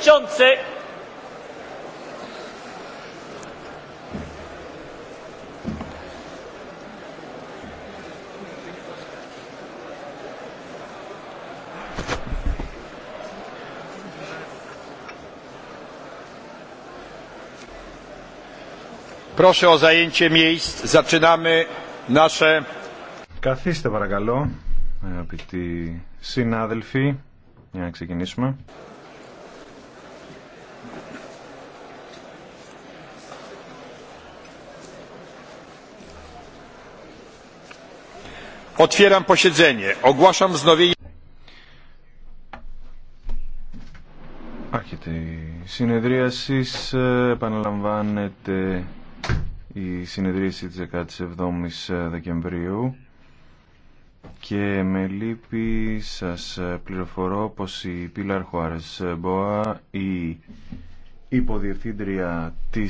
przewodniczący! Proszę o zajęcie miejsc. Zaczynamy nasze... Καθίστε παρακαλώ, αγαπητοί συνάδελφοι, για να ξεκινήσουμε. Otwieram posiedzenie. Ogłaszam wznowienie. Άρχεται η συνεδρίαση. Επαναλαμβάνεται η συνεδρίαση της 17ης Δεκεμβρίου και με λύπη σας πληροφορώ πως η Πίλαρ Χουάρες Μποά, η υποδιευθύντρια της